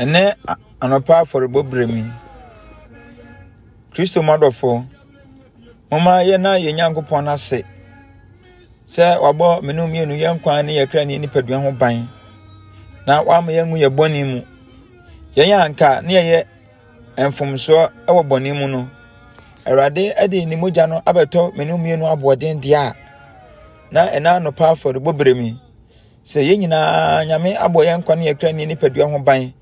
ɛnɛ anɔpa afɔrebɔbere mi kristo madɔfo moma yɛna yɛn nyankopɔn no ase sɛ wabɔ me no mmienu yɛn kwan ne yɛkra ne nipadua ho ban na wama yɛngu yɛ bɔne mu yɛn yɛ anka ne yɛyɛ mfomsoɔ wɔ bɔne mu no awurade de ne mogya no abɛtɔ me no aboɔden deɛ a na ɛna anɔpa afɔrebɔbere mi sɛ yɛn nyinaa nyame abɔ yɛn kwan ne yɛkra ne nipadua ho ban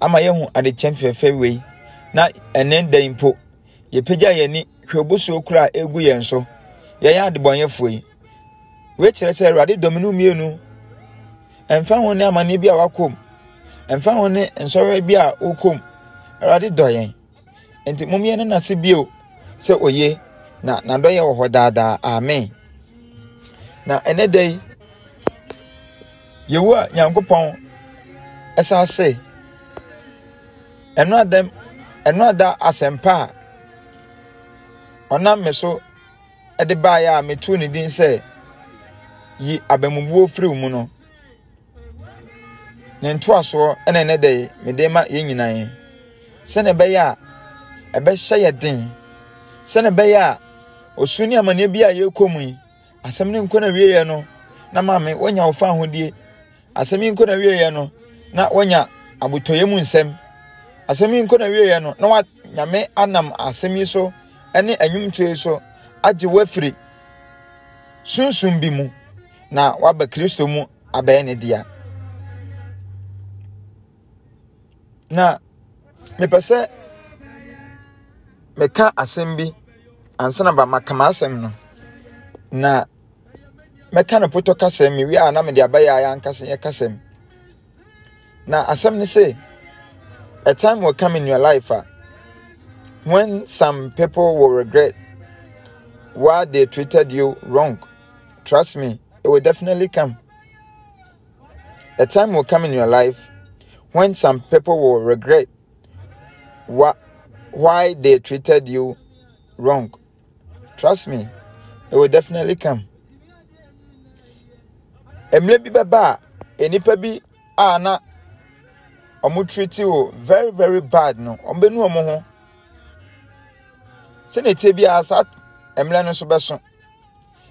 ama yɛhu adekyɛm fɛfɛ wei na ɛnɛ dan mpo yɛpagya yɛn ani hwɛ obosuo kora a ɛgu yɛn so yɛyɛ adebɔnyɛfoɔ yi wei kyerɛ sɛ awurade dɔm no mmienu ɛmfa ho ne amanneɛ bi a wakɔm ɛmfa ho ne nsɔre bi a wokɔm awurade dɔ yɛn nti mommyɛ no nase bio sɛ oye na n'adɔyɛ wɔ hɔ daadaa amen na ɛnɛ da yi yɛwu a nyankopɔn ɛsa se ɛno adam ɛno ada asɛmpa a ɔnam me so de baeɛ a metoo ne din sɛ yi abamubuo firi mu no ne ntoasoɔ ɛna ɛnɛ dɛ mede ma yɛn nyinaa sɛnɛ ɛbɛyɛ a ɛbɛhyɛ yɛ den sɛnɛ ɛbɛyɛ a osu ne amanneɛ bi a yɛrekɔ mu yi asɛm ne nkɔ na wieɛ no na maame wɔnya wɔfa ahodie asɛm yi nkɔ na wieɛ no na wɔnya abotɔyɛ mu nsɛm asɛm yi nkɔ na wieɛ no na wa nyame anam asɛm yi so ne anwumtuo yi so agye wafiri sunsun bi mu na waba kristo mu abɛɛ ne dea na mepɛ sɛ meka asɛm bi ansa na ba maka m'asɛm no na mɛka no potɔ kasɛm mewie a na mede abayɛ a yɛankasa yɛkasɛm na asɛm ne sɛ a time will come in your life uh, when some people will regret why they treated you wrong. Trust me, it will definitely come. A time will come in your life when some people will regret wh- why they treated you wrong. Trust me, it will definitely come. bi bi a na wɔn treati o very very bad no wɔn bɛnu wɔn ho sɛnea etie bi a saa mmerɛ no nso bɛso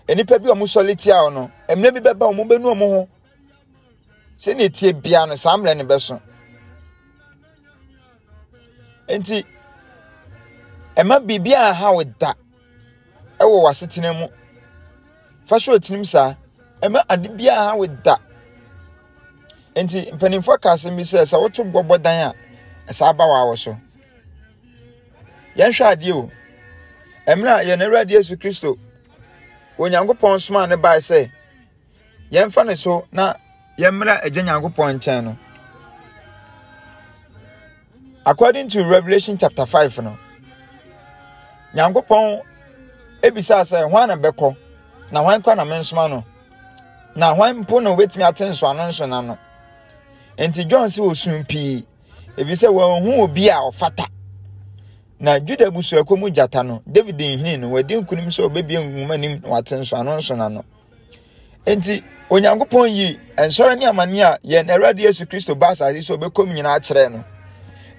nnipa bi a wɔn sɔle tia wɔn no mmerɛ bi bɛba wɔn bɛnu wɔn ho sɛnea etie bia no saa mmerɛ no bɛso nti ɛma biribi a ha wɔ da ɛwɔ wɔ asetena mu fa hyɛ otinim saa ɛma ade bi a ha wɔ da nti mpanimfoɔ ka asɛm bi sɛ sɛ woto bɔbɔ dan a ɛsaa ba wɔ awɔ so yɛnhwɛ adeɛ o mmerɛ a yɛn awurade yesu kristo onyankopɔn somaa ne bae sɛ yɛmfa ne so na yɛmmra agya nyankopɔn nkyɛn no according to revelation chapter five no nyankopɔn ebisaa sɛ hwan na bɛkɔ na hwan kɔ na mensoma no na hwan mpo na obetumi ate nsoano nso na no nti john sɛ ɔsum pii ebi sɛ wɔnhu obi a ɔfata na juda busuakuo mu gyata no david nhini no wɔde nkunim sɛ ɔbɛbie nwoma nim na wate nsoano nsoano nti onyankopɔn yi nsɔre ne amane a yɛn awurade yesu kristo ba asase sɛ ɔbɛkɔm nyinaa kyerɛ no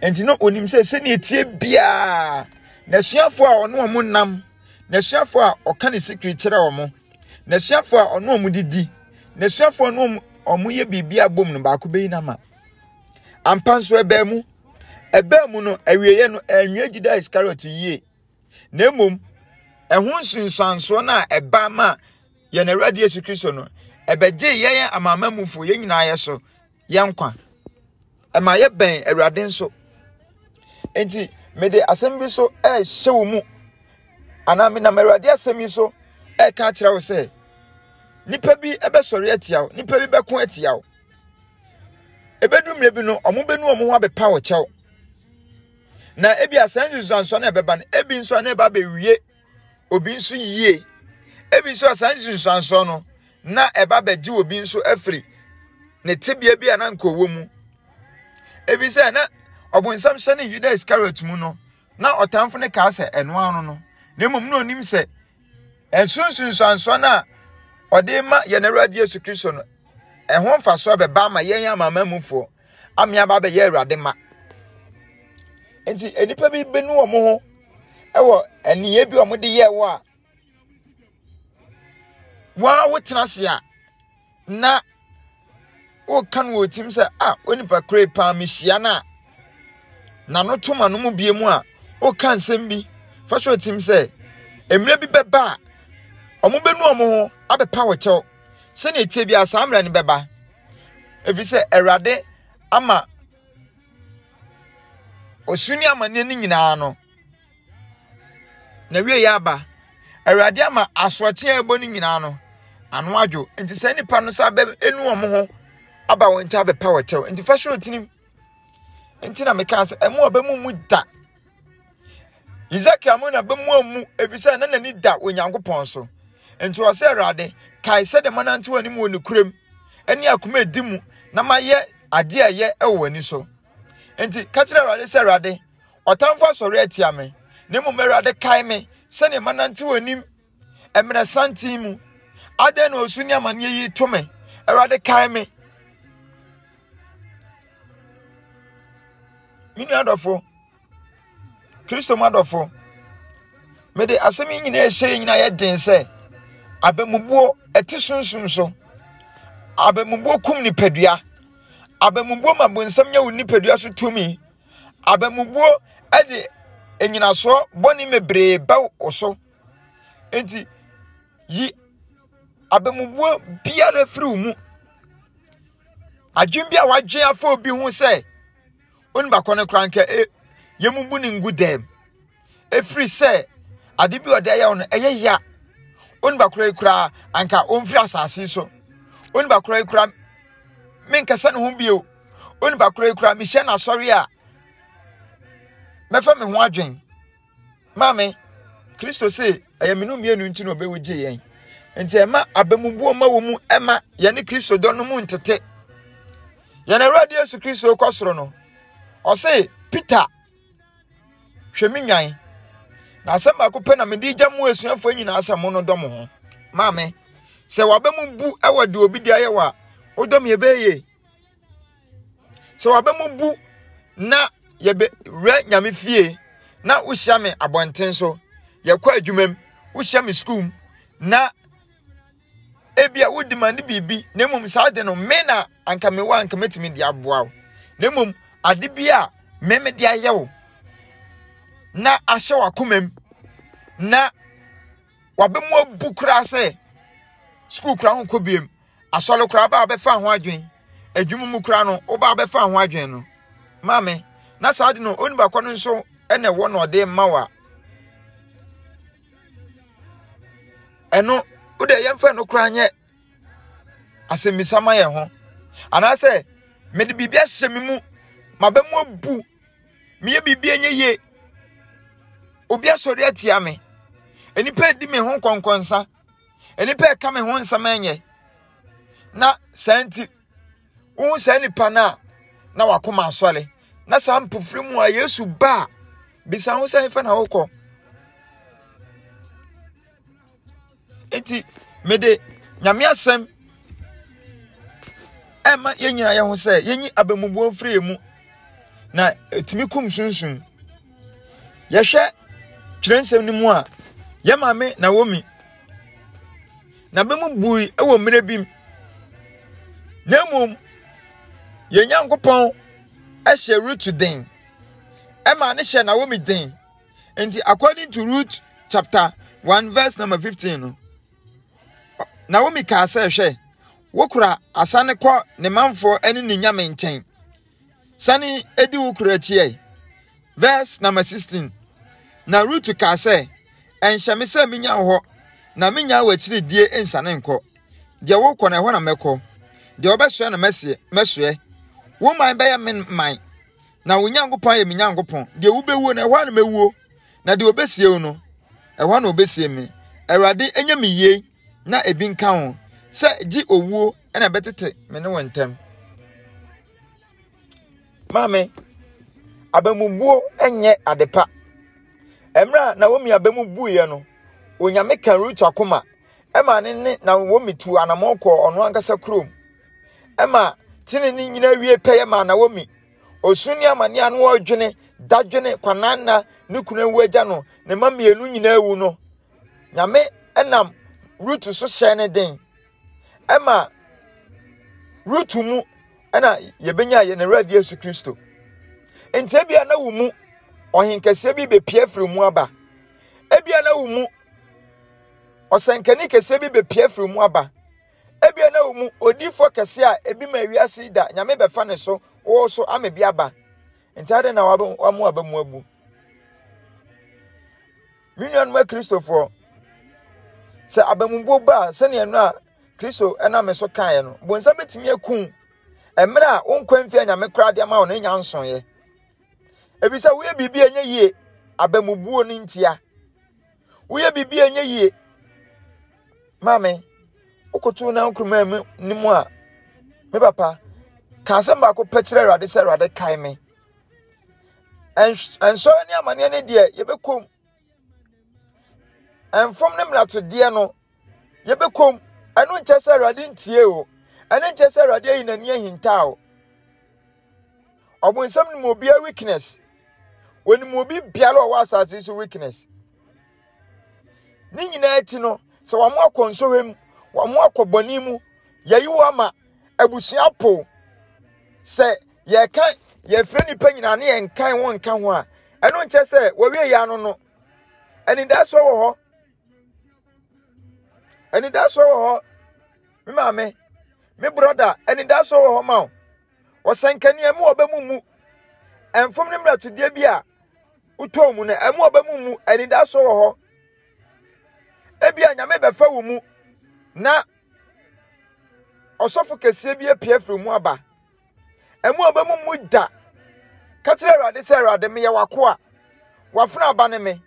nti na onim sɛ sɛnea etie biara n'asuafoɔ a ɔno wɔn nam n'asuafoɔ a ɔka ne sikiri kyerɛ wɔn n'asuafoɔ a ɔno wɔn didi n'asuafoɔ a ɔno wɔn ɔmo yɛ biribi abom no baako bɛyi nama ampa nso ɛbɛn mu ɛbɛn mu no awieɛ no ɛnwia juda yie na mmom ɛho nsonsansoɔ no a ɛbaa ma yɛn awurade yesu kristo no ɛbɛgye yɛn amaamamufo yɛn nyinaa yɛ so yɛn nkwa ɛma yɛ bɛn awurade nso nti mede asɛm bi so nipa bi ɛbɛsɔre atia wo nipa bi bɛko atia wo ebedu mmerɛ bi no ɔmo bɛnu ɔmo ho abɛpa wɔ kyɛw na ebi asan nsusuansɔ na ɛbɛba no ebi nso a na ɛba abɛwie obi nso yie ebi nso asan nsusuansɔ no na ɛba abɛgye obi nso afiri ne tibea bi a na nka ɔwɔ mu ebi sɛ na ɔbɔnsam hyɛ ne yuda iscariot mu no na ɔtamfo ne kaa sɛ ɛnoa no no na mmom na onim sɛ nsusuansɔ no a ɔde ma yɛn awurade yesu kristo no ɛho mfasoɔ bɛba ama yɛn amamamufoɔ amea ba bɛyɛ awurade ma nti nnipa bi bɛnu wɔn ho ɛwɔ aniye bi wɔn de yɛ wɔ a wɔn a tena ase a na wɔka no wɔ tim sɛ a onipa kure paa mehyia no a n'ano to ma no mu bie mu a wɔka nsɛm bi fa so tim sɛ mmerɛ bi bɛba a wɔn bɛnu wɔn ho. abɛpa wɔ kyɛw sɛnea etie bi a saa mmerɛ no bɛba efiri sɛ awurade ama osu ne amanneɛ no nyinaa no na wie yɛ aba ɛwurade ama asoɔkye a ɛbɔ no nyinaa no ano adwo nti sɛ nipa no sa bɛ enu wɔn ho aba wɔn nti abɛpa wɔ kyɛw nti fa hyɛ otirim nti na meka sɛ ɛmu ɔbɛ mu mu da isakia mu na bɛ mu amu efiri sɛ na n'ani da onyankopɔn so. nti ɔsɛ awurade kae sɛdeɛ manante w'anim wɔ nokorɛm ne akoma edi mu na mayɛ adeɛ a ɛyɛ wɔ w'ani so nti ka kyerɛ awurade sɛ awurade ɔtamfo asɔre atia me na mmom awurade kae me sɛdeɛ manante w'anim mmerɛ santen mu adɛn na osu ne amanneɛ yi to me awurade kae me me nua adɔfo kristo mu adɔfo mede asɛm yi nyinaa ɛhyɛ yi nyinaa yɛ den sɛ abamubuo ɛte sunsun so abamubuo kum nipadua abamubuo ma bonsam nyɛ wo nipadua so tumi abamubuo ɛde enyinasoɔ bɔne bebree ba wo so nti yi abamubuo biara firi wo mu adwene bi a wadwene afa obi ho sɛ onu baako ne kora nka e yɛmubu ne ngu dɛm efiri sɛ ade bi ɔda yɛ wo no ɛyɛ ya. E onipa koro yi koraa anka onfiri asaase so onipa koro yi koraa menkasa ne ho bio onipa koro yi koraa mehyɛ n'asɔre a mɛfa me ho adwen maame kristo se ɛyɛ menu mmienu nti na ɔbɛwo gye yɛn nti ɛma abamubuo ma wɔ mu ɛma yɛne kristo dɔ no mu ntete yɛn awurade yesu kristo kɔ soro no ɔse peter hwɛ me na asɛm baako pɛ na mede gya mu asuafoɔ nyinaa sɛ mo no dɔ mo ho maame sɛ wabɛ mu bu ɛwɔ deɛ obi de ayɛ wɔ a wodɔ me yɛbɛyɛ sɛ wabɛ mu bu na yɛbɛ wura nyame fie na wohyia me abɔnten so yɛkɔ adwuma mu wohyia me sukuu na ebia a wodi ma ne biribi na mmom saa ade no me na anka mewɔ anka mɛtumi de aboa wo na mmom ade bi a mɛmɛ de ayɛ wo na ahyɛ wakoma mu na wabɛmu abu koraa sɛ sukuu koraa ho nkɔ biem asɔre koraa ba bɛfa ho adwen adwuma mu koraa no ɔbaa bɛfa ho adwen no maame na saa de no oni baako no nso ɛna ɛwɔ na ɔde ma wa ɛno wode yɛmfa no koraa nyɛ asɛmmisa ma yɛn ho anaasɛ mede biribi ahyɛ me mu mabɛmu abu meyɛ biribi nyɛ yie obi asɔre atia me nnipa edi me ho nkɔnkɔnsa nnipa ɛka me ho nsɛm ɛnyɛ na saa nti wohu saa nnipa no na wakoma asɔre na saa mpofiri mu a yesu ba a bisa ho sɛ ɛfɛ na wokɔ nti mede nyame asɛm ɛma yɛn nyinaa yɛn ho sɛ yɛnyi abamubuo mfiri yɛn mu na ɛtumi kum sunsun yɛhwɛ twerɛnsɛm no mu a yɛ maame naomi na bɛmu bui wɔ mmerɛ bi na mmom yɛn nyankopɔn hyɛ rut den ɛma ne hyɛ naomi den nti according to root chapter one verse number fifteen no naomi kaa sɛ hwɛ wokura asane kɔ ne manfoɔ ne ne nyame nkyɛn sane edi wo kura akyiɛ verse number sixteen. na rutu kaa sɛ ɛnhyɛ me sɛ na wo hɔ na menya w'akyiridie nsane nkɔ deɛ wokɔ na ɛhɔ na mɛkɔ deɛ wɔbɛsoɛ na mɛseɛ mɛsoɛ wo man bɛyɛ me man na wo nyankopɔn yɛ me nyankopɔn deɛ wobɛwuo no ɛhɔ na mɛwuo na deɛ wɔbɛsie wo no ɛhɔ na wɔbɛsie me awurade ɛnyɛ me yie na ebi nka ho sɛ gye owuo ɛna ɛbɛtete me ne wo ntɛm maame abamubuo ɛnyɛ adepa mmerɛ a naomi abamu buiɛ no onyame ka rut akoma ma ne ne naomi tu anamɔ kɔɔ ɔno ankasa kurom ma tene ne nyinaa wie pɛyɛ ma naomi osu ne amane ano ɔdwene dadwene kwananna ne kunu ewu agya no ne mma mmienu nyinaa ewu no nyame nam rut so hyɛn ne den ɛma rut mu na yɛbɛnya yɛn awurade yesu kristo ntia bi a na wɔ mu ɔhenkɛseɛ bi bepia firi mu aba ebia na wo mu ɔsɛnkani kɛseɛ bi bepia firi mu aba ebia na wo mu odiifoɔ kɛseɛ a ebi ma ewiase da nyame bɛfa ne so wɔwɔ so ama ebi aba nti adi na wamu aba mu abu me nuanom akristofoɔ sɛ abamubuo ba a sɛnea no a kristo ɛnam so kaeɛ no bonsam betumi akum mmerɛ a wo nkwa mfia nyame koraa de ama wo no nya nsonyɛ ebi sɛ woyɛ biribi a ɛnyɛ yie abamubuo ne ntia woyɛ biribi a ɛnyɛ yie maame wokoto na nkuruma mu ne mu a me papa ka asɛm baako pɛ kyerɛ awurade sɛ awurade kae me nsɔre ne amanneɛ ne deɛ yɛbɛkom mfom ne mmeratodeɛ no yɛbɛkom ɛno nkyɛ sɛ awurade ntie o ɛno nkyɛ sɛ awurade ayi n'ani ahinta o ɔbonsam ne mu obiara weakness wɔnim obi biara a ɔwɔ asase so weakness ne nyinaa akyi no sɛ wɔn akɔ nsɔhwɛ mu wɔn akɔ bɔnne mu yɛyi wɔ ama abusua po sɛ yɛka yɛfrɛ nipa nyinaa ne yɛnkan wɔn nka ho a ɛno nkyɛ sɛ wɔwie yɛ ano no anidasoɔ wɔ hɔ anidasoɔ wɔ hɔ me maame me broda anidasoɔ wɔ hɔ ma wo wɔsɛnkaneɛ mu wɔbɛmu mu ɛmfom ne mmerɛtodeɛ bi a wotɔ mu no ɛmu ɔbɛmu mu anida so wɔ hɔ ebi a nyame bɛfa wo mu na ɔsɔfo kɛseɛ bi apue firi mu aba ɛmu ɔbɛmu mu da ka kyerɛ awurade sɛ awurade meyɛ wako a wafena aba ne me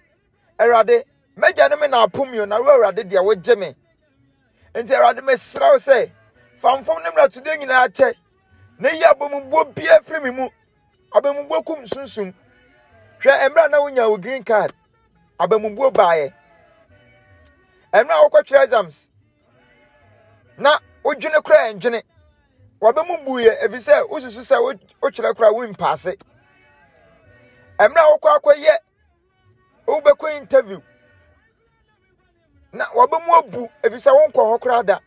awurade mɛgya ne me na apomio na wo awurade deɛ wogye me nti awurade mesrɛ wo sɛ famfam ne mmerɛtodeɛ nyinaa kyɛ na yi abɔmubuo bia firi me mu abɔmubuo kum sunsum hwɛ mmerɛ na wonya wo green card abammubuo baeɛ mmerɛ a wokɔtwerɛ exams na wodwene koraa ndwene wabɛmu buiɛ ɛfiri sɛ wosusu sɛ wotwerɛ koraa wompaase mmerɛ a wokɔ akɔyɛ wobɛkɔ interview na wabɛmu abu ɛfiri sɛ wonkɔ hɔ koraa da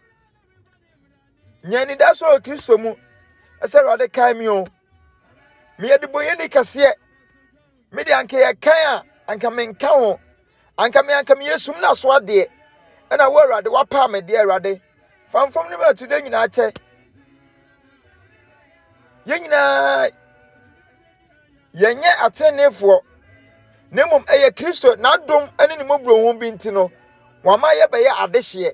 nyɛnida so wɔ kristo mu ɛsɛ awurade kae mi o meyɛ debɔyɛni kɛseɛ mede anka yɛkan a anka menka ho anka me anka meyɛ sum no so adeɛ ɛna wo awurade woapaa me deɛ awurade famfam no maatu da nyinaa kyɛ yɛn nyinaa yɛnyɛ atenefoɔ na mmom ɛyɛ kristo n'adom ne ne mmɔborɔ ho bi nti no Wama yɛbɛyɛ adehyeɛ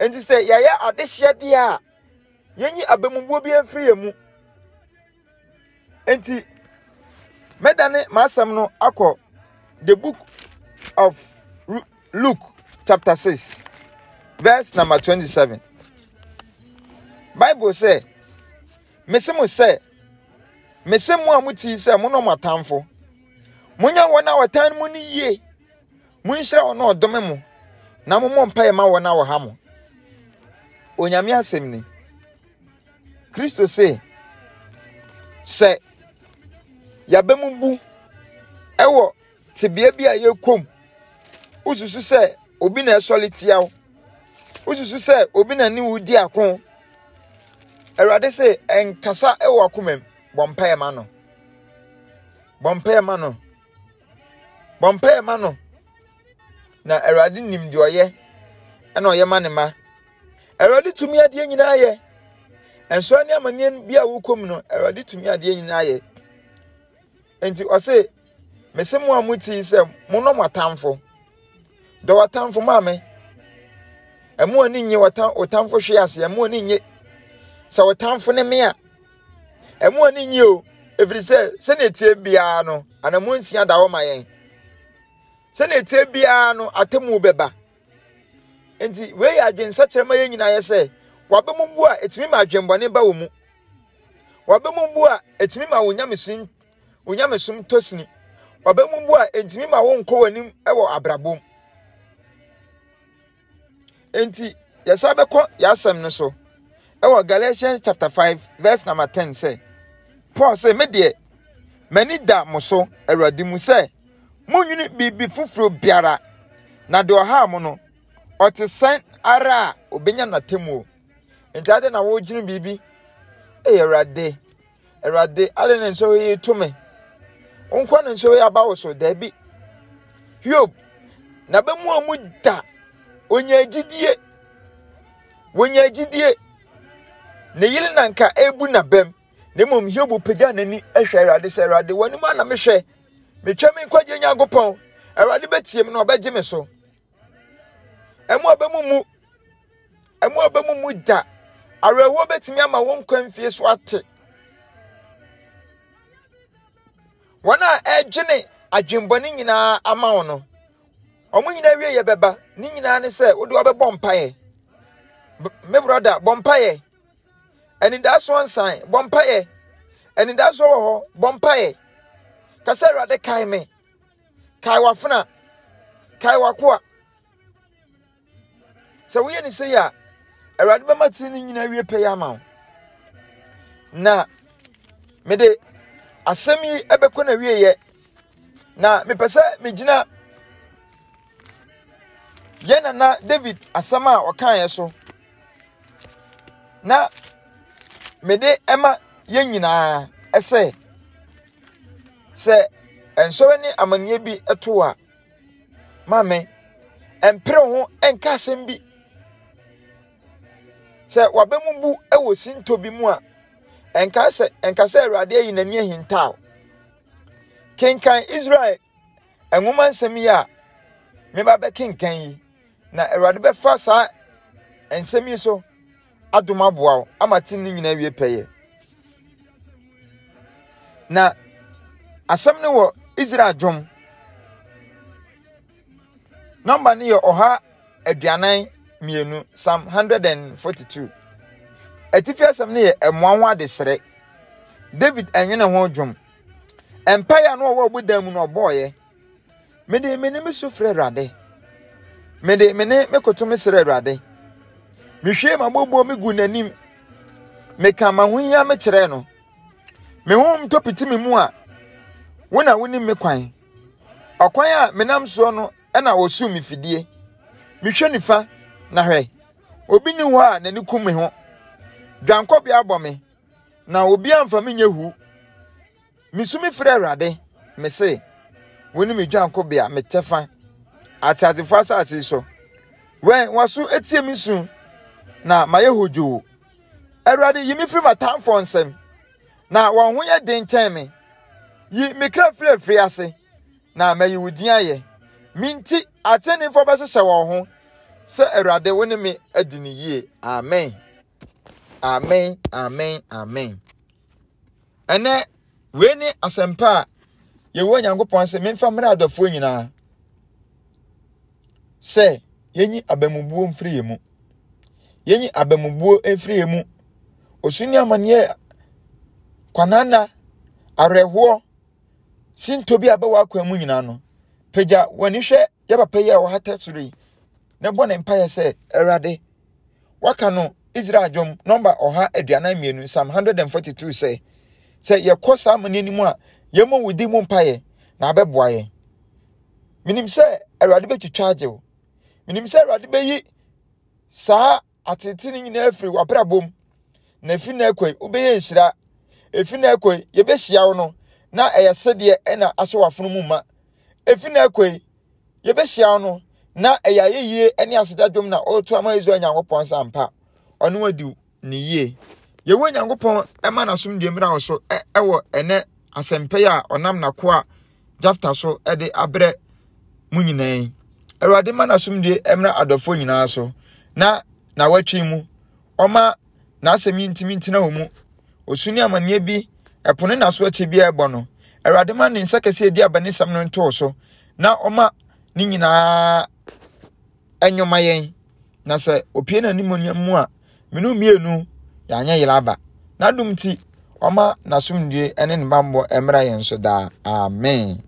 nti sɛ yɛyɛ adehyeɛ deɛ a yɛnyi abamubuo bi mfiri yɛn mu nti mɛdane m'asɛm no akɔ the book of luke chapter six verse number twenty-seven bible sɛ mese mo sɛ mese mo a mo ti sɛ mo na mo atamfo monyɛ wɔn a wɔtan mo no yie monhyira wɔn a ɔdome mo na mo mmɔ mpaeɛ ma wɔn a wɔha mo onyame asɛm ni kristo sɛ sɛ yɛabɛm bu ɛwɔ tebea bi a yɛkɔm wosusu sɛ obi na ɛsɔre tia wo wosusu sɛ obi na ne wo di ako awurade sɛ ɛnkasa ɛwɔ akoma mu bɔ ma no bɔ ma no bɔ ma no na awurade nim deɛ ɔyɛ ɛna ɔyɛ ma ne ma awurade tumi adeɛ nyinaa yɛ nsoa ne amanneɛ bi a wokɔ mu no awurade tumi adeɛ nyinaa yɛ nti ɔse mese mu a muti sɛ monɔ mo atamfo dɔ w'atamfo maame ɛmo ani nye w'atamfo hwe ase ɛmo ani nye sɛ w'atamfo ne mea ɛmo ani nye o ɛfiri sɛ sɛnea etie biara no anamu nsia da hɔ ma yɛn sɛnea etie biara no atemu bɛba nti wei yɛ adwensakyerɛma yɛn nyinaa yɛ sɛ wabɛmu bu a etumi ma adwenbɔne ba wɔ mu wabɛmu bu a etumi ma wɔn nyamesu onyamesom tosini ɔbɛn mu a ntumi ma wɔn nkɔ wɔn anim wɔ abrabom nti yɛsa bɛkɔ yɛasɛm no so ɛwɔ galatians chapter five verse number ten sɛ paul sɛ me deɛ m'ani da mo so awurade mu sɛ munnwene biribi foforɔ biara na deɛ ɔha mo no ɔte sɛn ara a obenya n'atemmuo nti ade na wɔredwene biribi ɛyɛ awurade awurade ade ne nso yɛ tumi nkwa ne nso aba wo so daabi hiob na bɛmu a mu da onya agyidie wonya agyidie ne yere na ebu na bɛm na mmom hiob pagya n'ani ahwɛ awurade sɛ awurade w'anim a na mehwɛ metwa me nkwagye nyankopɔn awurade bɛtie m na ɔbɛgye me so ɛmu a bɛmu mu ɛmu a bɛmu mu da awerɛhoɔ bɛtumi ama wɔn nkwa mfie so ate wɔn a ɛdwene adwembɔne nyinaa ama wo no wɔn nyinaa wie yɛ bɛba ne nyinaa ne sɛ wode wɔbɛbɔ mpaeɛ me broda bɔ mpaeɛ anidasoɔ nsan bɔ mpaeɛ anidasoɔ wɔ hɔ bɔ mpaeɛ kasa awurade kae me kae wafuna, kae wakoa sɛ woyɛ ne sei a awurade bɛma tiri no nyinaa wie pɛ yɛ ama wo na mede asɛm yi ɛbɛkɔ na wieɛ na mepɛ sɛ megyina yɛn david asɛm a ɔkaeɛ so na mede ɛma yɛn nyinaa ɛsɛ sɛ nsɔre ne amanneɛ bi ɛto a maame mpere ho nka asɛm bi sɛ wabɛmu bu ɛwɔ bi mu a nkasa nkasa awurade ayi n'ani ahintaw kenkan israel nwoma nsɛm yi a mmeba bɛkenkan yi na awurade bɛfa saa nsɛm yi so adom aboa wo ama te ne nyinaa wie pɛyɛ na asɛm no wɔ israel dwom nɔmba no yɛ ɔha aduanan mmienu psalm hundred and forty two. atifi asɛm no yɛ ɛmoa ho adesrɛ david ɛnwene ho dwom mpaeɛ no ɔwɔ ɔbodan mu no ɔbɔɔyɛ mede me ne me so awurade mede me ne me koto me srɛ awurade mehwie me gu n'anim meka m'ahohia me kyerɛɛ no me ho ntɔpiti me mu a wo na wonim me kwan ɔkwan a menam soɔ no ɛna wɔsuu me nifa na hwɛ obi ni a n'ani kum me dwankɔbea abɔ me na obi amfa me nye hu mesumi frɛ awurade mese, se wo ne me dwankɔbea me tɛfa ateasefoɔ asase so wɛn waso etie me su na mayɛ hodwoo awurade yi me firi m'atamfoɔ nsɛm na wɔn ho yɛ den nkyɛn me yi me kra firafiri ase na mayi wo din ayɛ me nti atenifoɔ bɛhyehyɛ wɔn ho sɛ awurade wo ne me adi ne yie amen amen amen amen ɛnɛ wee ne asɛmpa a yɛwɔ nyankopɔn sɛ memfa mmerɛ adɔfoɔ nyinaa sɛ yɛnyi abamubuo mfiri yɛ mu yɛnyi abamubuo mfiri yɛ mu osuni amanneɛ kwananna awerɛhoɔ sinto bi a bɛwɔ akwan mu nyinaa no pagya wɔn hwɛ yɛ papa yi a wɔhata soro yi na bɔ ne mpa yɛ sɛ awurade waka no israel dwom nɔmba ɔha aduanan mmienu psalm hundred and forty two sɛ sɛ yɛkɔ saa amane no a yɛmmɔ wo mu mpaeɛ na abɛboa yɛn menim sɛ awurade bɛtwitwa agye wo menim sɛ awurade bɛyi saa atete no nyinaa afiri w'abrabom na efi na ɛkɔ yi wobɛyɛ nhyira efi na ɛkɔ yi yɛbɛhyia wo no na ɛyɛ sɛdeɛ ɛna ahyɛ w'afono mu ma efi na ɛkɔ yi yɛbɛhyia wo no na ɛyɛ ayɛyie ne asedadwom na ɔreto ama israel nyankopɔn mpa. ɔno adi ne yie yɛwɔ nyankopɔn ɛma n'asomdwe mmerɛ wɔ so ɛwɔ ɛnɛ asɛmpa yi a ɔnam a jafta so ɛde abrɛ mu nyinaa yi awurade ma n'asomdwe mmerɛ adɔfoɔ nyinaa so na n'awatwi mu ɔma n'asɛm yi ntumi ntena wɔ mu osu ne amanneɛ bi ɛpo ne n'aso akyi bi ɛbɔ no awurade ma ne nsa kɛseɛ di abɛne sɛm no ntoo so na ɔma ne nyinaa ɛnyoma yɛn na sɛ opie n'anim mu a Minu mmienu yɛanyɛ yere aba n'adum ti ɔma n'asomdue ne ne bammɔ mmra yɛn so daa amen.